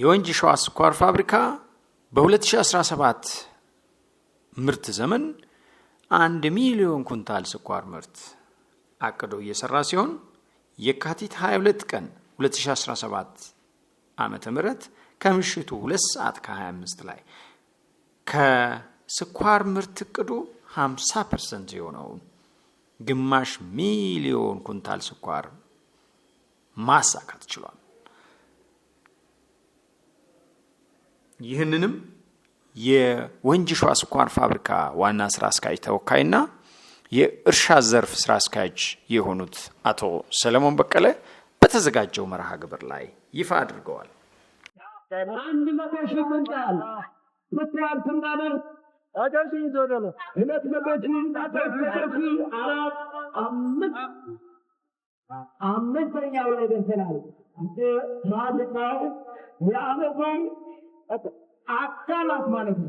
የወንጂ ሸዋ ስኳር ፋብሪካ በ2017 ምርት ዘመን አንድ ሚሊዮን ኩንታል ስኳር ምርት አቅዶ እየሰራ ሲሆን የካቲት 22 ቀን 2017 ዓመተ ምህረት ከምሽቱ 2 ሰዓት ከ25 ላይ ከስኳር ምርት እቅዱ 50 ፐርሰንት የሆነውን ግማሽ ሚሊዮን ኩንታል ስኳር ማሳካት ችሏል። ይህንንም የወንጂ ሸዋ ስኳር ፋብሪካ ዋና ስራ አስኪያጅ ተወካይና የእርሻ ዘርፍ ስራ አስኪያጅ የሆኑት አቶ ሰለሞን በቀለ በተዘጋጀው መርሃ ግብር ላይ ይፋ አድርገዋል። አንድ መቶ ሺህ ኩንታል ምርትና ምርት አጋሽ ይዞደለ ሁለት መቶ ሺህ አራት አምስት አምስተኛው ላይ ደርሰናል። ማድቃ የአመቱ Akal of Malachi.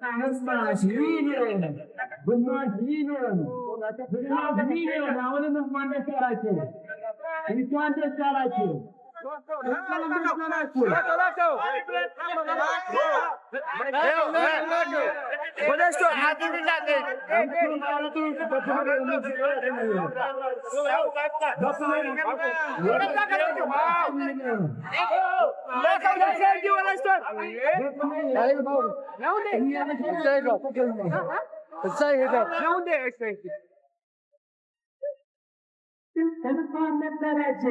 Anastas, relearn. Gunnar, relearn. Now, relearn. ಅವನನ್ನು ಮಂಡಸ್ತಾರಾಯ್ತು ವಿಶ್ವಾಂತರಾಯ್ತು Let's go. Modesto, Adriano Nader. Não deixa. Não deixa. እንኳን መጣራች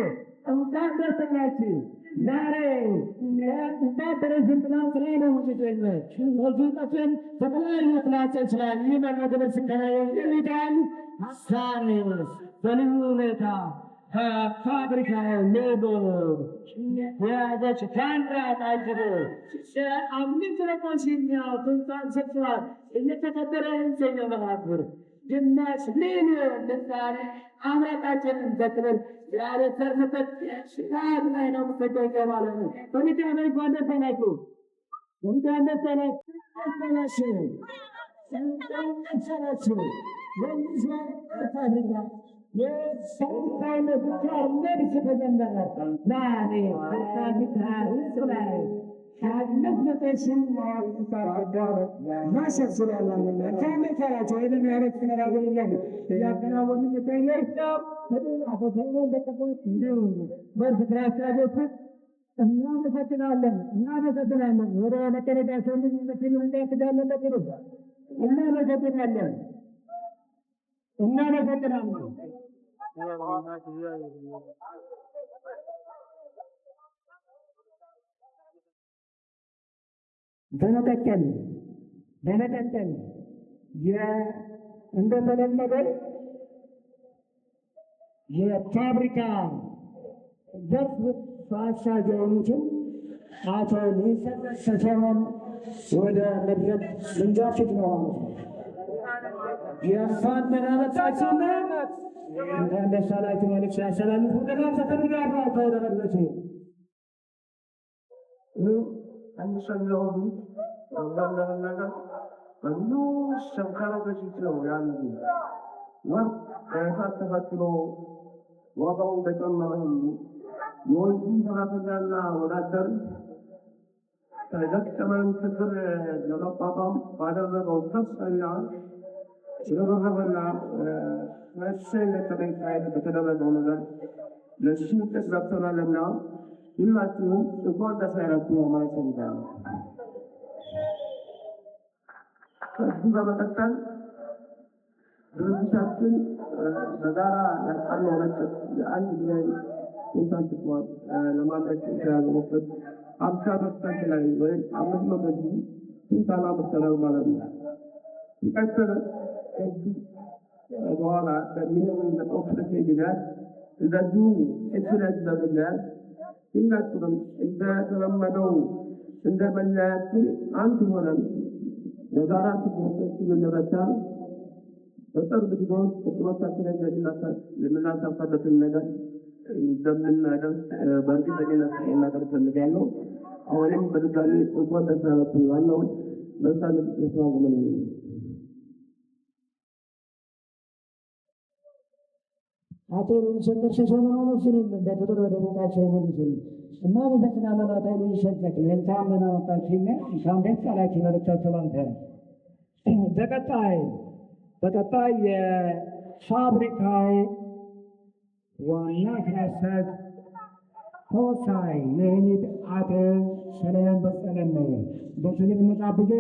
እንኳን ደርሰናችሁ ዛሬ እንዳደረስን ብለው ነው ሙዚቀኞች ሙዚቀትን በተለያዩ ጥላቸው ይችላል። ይህ መመደበር ስንገና የሚዳል ሳኔስ በልዩ ሁኔታ ከፋብሪካ ሌቦ የያዘች ካንራ ጣጅሮ አምኒት ረቆ ትንሳን ሰጥቷል እየተከተለ ይገኛል መርሃ ድመስልን ምሳሌ አምላካችንን በክብር ያለሰርንበት ስርዓት ላይ ነው የምትገኘው ማለት ነው። በጌታ ላይ እንኳን ደስ አላችሁ፣ እንኳን ደስ አላችሁ፣ ብቻ ነድስ ተጀመረ ናኔ ታሪክ ላይ ከአንድነት መጠሽን ማሰብ ስላላለና ከመከራቸው የተማሪዎች ተነጋገርለን እያከናወኑ የሚገኘው በጤና ፈተና በጠቆች ነው። በእርግጥ ያስራጆቹ እናመሰግናለን እናመሰግናለን ወደ መጨረሻቸው እንድንመስል እንዳያስዳለበት ነው። እናመሰግናለን እናመሰግናለን በመቀጠል በመቀጠል እንደተለመደው የፋብሪካ ዘርፍ በአሳጅ የሆኑትን አቶ ሰሰሞን ወደ መድረክ ልንጋብዝ ነው ማለት ነው። የእሷን መናመጣቸው መናመጥ እንደ ሳላቱ መልክ ሲያሰላልፉ ደና ተፈልጋሉ ተደረገች 안녕하세요. 나나나나. 안녕. شنقرة جيتو يعني وحتى فترو وضعوا بجنهم يوزي فغفر الله ونادر فذكت من تفر لرقبا فدربوا تصعيا ስለተሰበላ መቼ እንደተገኝታ የተተደረገው ነገር ለሱ ተስረብተናልና 입맞춤은 수고다 사람도 말씀입니다. 누가 받았단? 르브샤튼 나다라 안노라츠 안디 인탄트 포 나마다츠 자고프 암사버스탄텔라이 월 암스마바지 인타나 버스라고 말합니다. 이까서 وهذا من الأخرى سيدنا إذا دون إسرائيل بالله ሁላችንም እንደተለመደው እንደ መለያችን አንድ ሆነን የጋራ ችግሮቻችን ልንረዳ በቅርብ ጊዜዎች ውስጥ ችግሮቻችንን ነገር እንደምናደርስ በእርግጠኝነት እናገር ፈልጋለሁ። አሁንም በድጋሚ እንኳን ደስ አላችሁ። ዋናውን በሳል ተስማሙ ነው አጤ የሚሸገር ሸሸነ ሆኖ ሲልምን በክብር ወደ ቤታቸው የሚችል እና በበትና መላታ የሚሸገቅ እንኳን ለማመጣችና እንኳን ደስ አላችሁ መልእክታቸው ባንተ በቀጣይ በቀጣይ የፋብሪካው ዋና ስራ አስኪያጅ ተወካይ የሆኑት አቶ ሰለሞን በቀለን ነው። በክብር መጣብገ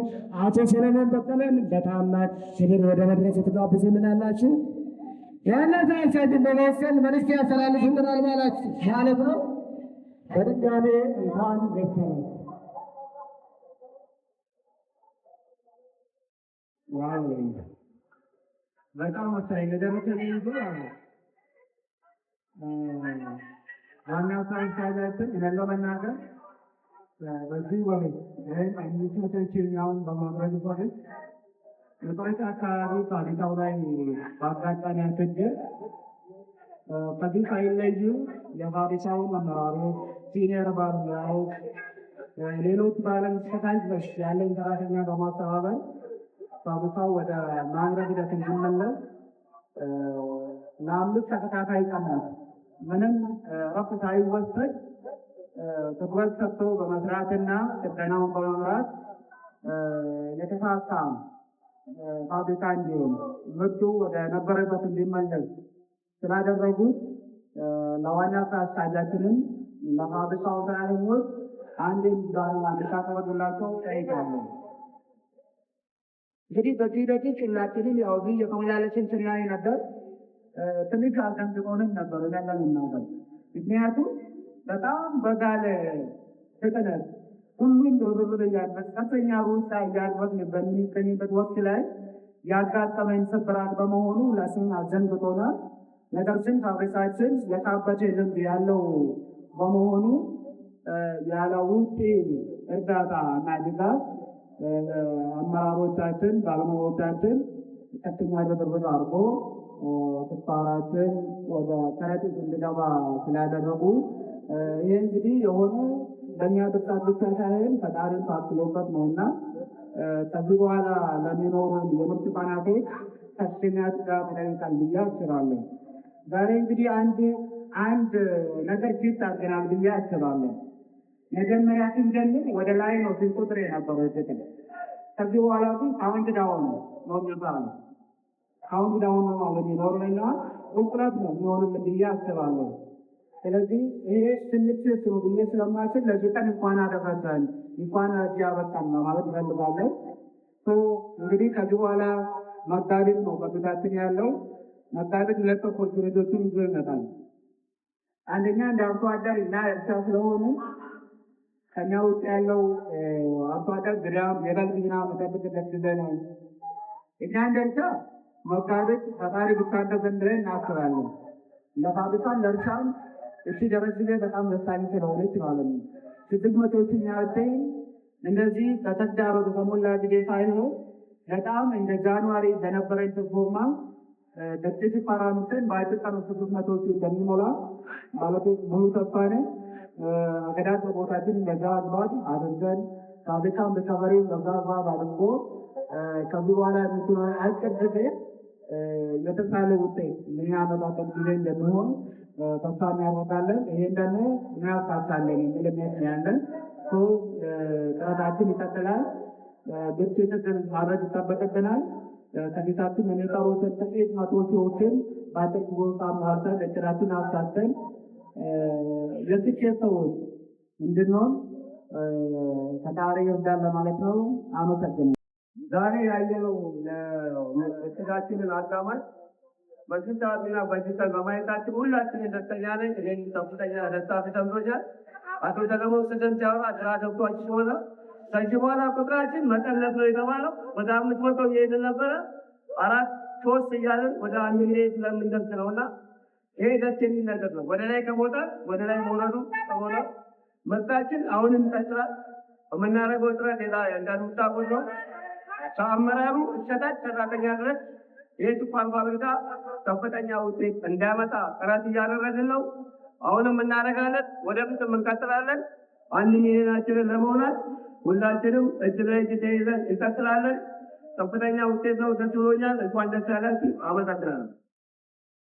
አቶ ሰለሞን በቀለን በታላቅ ክብር ወደ መድረስ የተጋብዝልናላችሁ። ያላት አይቻችን መልእክት ያስተላልፍልናል ማለት ማለት ነው። በድጋሜ እንኳን ደሰረ ዋው በጣም ወሳኝ ነገር ተገኝቶ አለ። ዋናው ይነለው መናገር በዚህ ወሬ ይህም አሚሶቶችን ያውን በማምረት ከጠዋት አካባቢ ፋብሪካው ላይ በአጋጣሚ ያልፈጀ ከዚህ ሳይለዩ የፋብሪካውን አመራሮች፣ ሲኒየር ባለሙያዎች፣ ሌሎች ባለምስከታች በሽ ያለን ሰራተኛ በማስተባበር ፋብሪካው ወደ ማምረት ሂደት እንዲመለስ ለአምስት ተከታታይ ቀናት ምንም ረፍት ሳይወሰድ ትኩረት ሰጥቶ በመስራትና ስልጠናውን በመምራት የተሳካ ፋብሪካ እንዲሆን ምርቱ ወደ ነበረበት እንዲመለስ ስላደረጉት ለዋና ስራ አስኪያጃችንም ለፋብሪካው ስራተኞች አንድ ሚዛን እንድታቀርቡላቸው ጠይቃለሁ። እንግዲህ በዚህ ደግ እናችንን ያው እዚህ የተመላለስን ስናይ ነበር። ትንሽ አልጠንቅቆንም ነበር ያለን ምክንያቱም በጣም በጋለ ፍጥነት ሁሉም ርብር እያለን ቀሰኛ ሩጫ እያለን በሚገኝበት ወቅት ላይ ያጋጠመኝ ስብራት በመሆኑ ለስም አዘንግቶናል። ነገር ግን ፋብሪካችን የታበጀ ልምድ ያለው በመሆኑ ያለ ውጪ እርዳታ እና ድጋፍ አመራሮቻችን ባለሙያዎቻችን ቀጥተኛ ርብርብ አድርጎ ስብራትን ወደ ከረጢት እንዲገባ ስላደረጉ ይህ እንግዲህ የሆኑ በእኛ ብርታት ብቻ ሳይሆን ፈጣሪን ታክሎበት ነውና ከዚህ በኋላ ለሚኖሩ የምርት ቀናቶች ከፍተኛ ድጋፍ ይጠይቃል ብዬ አስባለሁ። ዛሬ እንግዲህ አንድ አንድ ነገር ፊት አድርገናል ብዬ አስባለሁ። መጀመሪያ ስንጀምር ወደ ላይ ነው ስንቁጥር የነበረው ዝቅል ከዚህ በኋላ ግን ካውንት ዳውን ነው ነው የሚባለው። ካውንት ዳውን ነው ማለት ይኖርና ቁጥረት ነው የሚሆንም ብዬ አስባለሁ። ስለዚህ ይሄ ትንሽ ስሩ ብዬ ስለማችል ለዚህ ቀን እንኳን አደረሰን እንኳን ለዚህ አበቃን ማለት እፈልጋለሁ። እንግዲህ ከዚህ በኋላ መጋቢት ነው በፊታችን ያለው መጋቢት ሁለት ኦፖርቹኒቲዎችን ይዞ ይመጣል። አንደኛ እንደ አርሶ አደር እና እርሻ ስለሆኑ ከኛ ውጭ ያለው አርሶ አደር ግዳም የበልግ ምናምን መጠብቅ ደስ ነው። እኛ እንደ እርሻ መጋቢት ፈጣሪ ብቻ ብለን እናስባለን ለፋብሪካን ለእርሻም እሱ ደረስ ላይ በጣም ወሳኝ ስለሆነች ማለት ነው። ስድስት መቶዎችን ያወጣኝ እንደዚህ ከተዳረጉ በሞላ ጊዜ ሳይሆን በጣም እንደ ጃንዋሪ በነበረኝ ትርጎማ ደጥሽ ፓራምትን በአጭር ስድስት መቶዎች እንደሚሞላ ማለት ሙሉ ተስፋ ነኝ። አገዳት በቦታችን በዛ አግባብ አድርገን ሳብቻን በከበሬ በዛ አግባብ አድርጎ ከዚህ በኋላ የምትኖ አጭር ጊዜ ለተሳለ ውጤት የሚያመጣበት ጊዜ እንደሚሆን ተስፋ እናደርጋለን። ይህን ደግሞ እናሳካለን የሚል እምነት ነው ያለን። ጥረታችን ይቀጥላል። ግጭትን ማድረግ ይጠበቅብናል። ከፊታችን የሚቀሩትን ጥቂት መቶ ሰዎችን በአጭር ቦታ ማሰር እቅዳችን አሳተን የስኬት ሰዎች እንድንሆን ፈጣሪ ይርዳን ለማለት ነው። አመሰግናለሁ። ዛሬ ያየነው እቅዳችንን አጋማሽ በሽታ ቢና በሽታ በማየታችን ሁላችንም ደስተኛ ነኝ። እኔ ከፍተኛ ደስታ ተሰምቶኛል። አቶ ተገመው ስደም ሲያወራ ድራ ገብቷችሁ ሲሆነ ከዚህ በኋላ ቁጥራችን መጠለፍ ነው የተባለው ወደ አምስት መቶ እየሄድ ነበረ አራት ሶስት እያለን ወደ አንድ ጊዜ ስለምንደርስ ነው እና ይሄ ደስ የሚል ነገር ነው። ወደ ላይ ከቦታ ወደ ላይ መውረዱ ከሆነ መጣችን አሁንም ጠጥራት የምናደርገው ጥረት ሌላ እንዳልምታቦት ነው ከአመራሩ እሸታች ሰራተኛ ድረስ ይህ የስኳር ፋብሪካ ከፍተኛ ውጤት እንዳመጣ ጥረት እያደረግን ነው። አሁንም እናደርጋለን፣ ወደፊትም እንቀጥላለን። አንድ ሚሊዮናችንን ለመሆናት ሁላችንም እጅ ለእጅ ተይዘን እንቀጥላለን። ከፍተኛ ውጤት ነው። ደስ ብሎኛል። እንኳን ደስ ያላችሁ። አመሰግናለሁ።